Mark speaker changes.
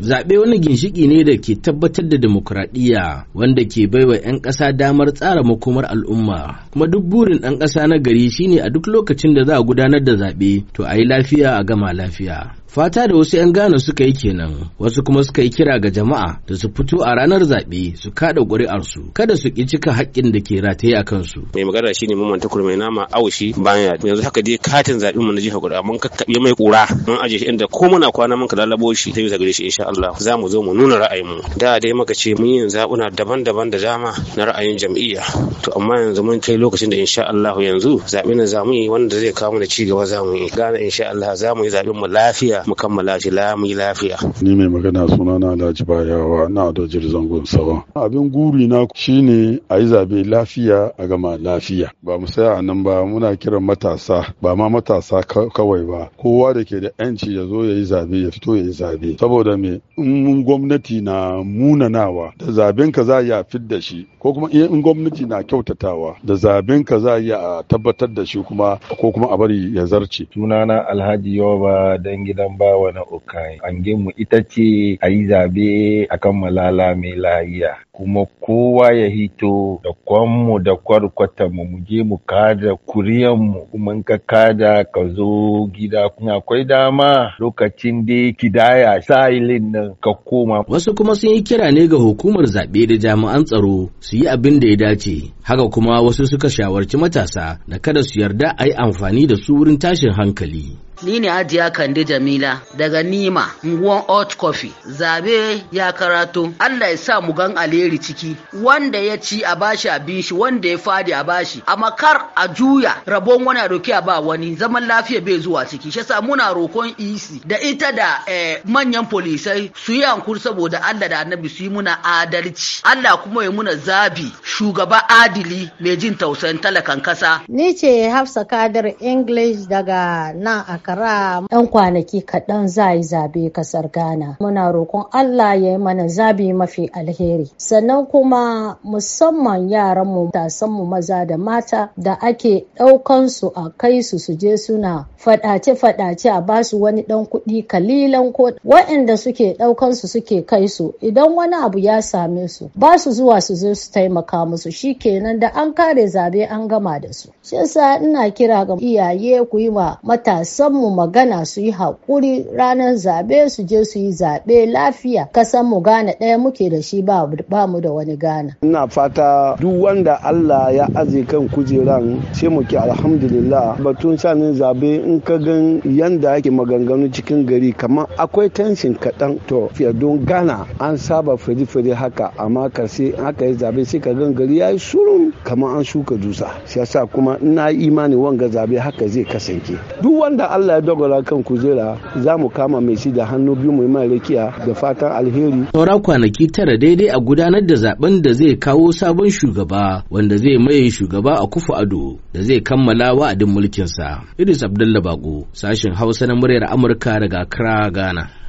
Speaker 1: Zaɓe wani ginshiki ne da ke tabbatar da demokuraɗiyya wanda ke baiwa 'yan ƙasa damar tsara makomar al'umma. Kuma duk burin ɗan ƙasa na gari shine a duk lokacin da za a gudanar da zaɓe to a yi lafiya a gama lafiya. fata da wasu 'yan Ghana suka yi kenan wasu kuma suka yi kira ga jama'a da su fito a ranar zaɓe su kaɗa ƙuri'arsu kada su ƙi cika haƙƙin da ke rataye a kansu.
Speaker 2: mai magana shine mun manta mai nama aushi bayan yanzu haka dai katin zaɓen mu na jiha guda mun kakkaɓe mai ƙura mun aje shi inda ko muna kwana mun kala labo shi sai bisa gare shi insha Allah za mu zo mu nuna ra'ayinmu da dai muka ce mun yin zaɓuna daban-daban da dama na ra'ayin jam'iyya to amma yanzu mun kai lokacin da insha Allah yanzu zaɓen za mu yi wanda zai kawo mu da ci gaba za yi gane insha Allah za mu yi zaɓen mu lafiya mu kammala shi yi lafiya
Speaker 3: ni mai magana suna na Alhaji Bayawa na da zangon sawa abin guri na Shi ne a yi zabe lafiya a gama lafiya ba mu saya a nan ba muna kiran matasa ba ma matasa kawai ba kowa da ke da yanci ya zo ya yi zabe ya fito ya yi zabe saboda me in gwamnati na munanawa da zaben ka za a fidda shi ko kuma in gwamnati na kyautatawa da zaben ka za a tabbatar da shi kuma ko kuma a bari ya zarce sunana Alhaji Yoba dan gidan zan ba wa na Okai. an mu ita ce a yi zabe a kan malala mai lahiya. Kuma kowa ya hito da kwanmu da kwarkwata mu mu je mu kada kuriyanmu mu kuma ka kada
Speaker 1: ka zo gida kuna akwai dama lokacin da kidaya sa'ilin nan ka koma. Wasu kuma sun yi kira ne ga hukumar zaɓe da jami'an tsaro su yi abin da ya dace. Haka kuma wasu suka shawarci matasa da kada su yarda a yi amfani da su wurin tashin hankali.
Speaker 4: ni ne Hajiya Kande Jamila daga Nima, unguwan Hot Coffee. Zabe ya karato, Allah ya sa mu gan aleri ciki, wanda ya ci a bashi abin shi, wanda ya fadi a bashi, a makar a juya rabon wani a roki a ba wani, zaman lafiya bai zuwa ciki. Shi sa muna rokon isi e da ita da eh, manyan polisai su yi hankur saboda Allah da Annabi su yi muna adalci. Allah kuma ya muna zabi shugaba adili mai jin tausayin talakan kasa.
Speaker 5: Ni ce Hafsa Kadir English daga nan a takara yan kwanaki kaɗan za yi zabe kasar ghana muna roƙon allah ya yi mana zabi mafi alheri sannan kuma musamman yaran mu yaranmu mu maza da mata da ake ɗaukan su a kai su su je suna faɗace-faɗace a basu wani ɗan kuɗi kalilan ko waɗanda suke ɗaukansu suke kai su idan wani abu ya same su ba su zuwa su zo su taimaka musu shi kenan da an kare zabe an gama da su shi yasa ina kira ga iyaye ku yi wa matasan mu magana su yi haƙuri ranar zaɓe su je su yi zaɓe lafiya kasan mu gane ɗaya muke da shi ba mu da wani gana.
Speaker 6: Ina fata duk wanda Allah ya aje kan kujeran ce mu ki alhamdulillah batun shanin zaɓe in ka gan yanda ake maganganu cikin gari kamar akwai tension kaɗan to don gana an saba fari-fari haka amma karshe haka ya zaɓe sai ka gan gari ya yi surun kamar an shuka dusa. Shi yasa kuma ina imani wanga zaɓe haka zai kasance. Duk wanda Allah ya dogara kan kujera za mu kama mai shi da hannu biyu mu mai rakiya da
Speaker 1: fatan alheri. Saura kwanaki tara daidai a gudanar da zaben da zai kawo sabon shugaba wanda zai maye shugaba a kufa ado da zai kammala wa'adin mulkinsa. Idris Abdullahi Bako sashen Hausa na muryar Amurka daga Accra, Ghana.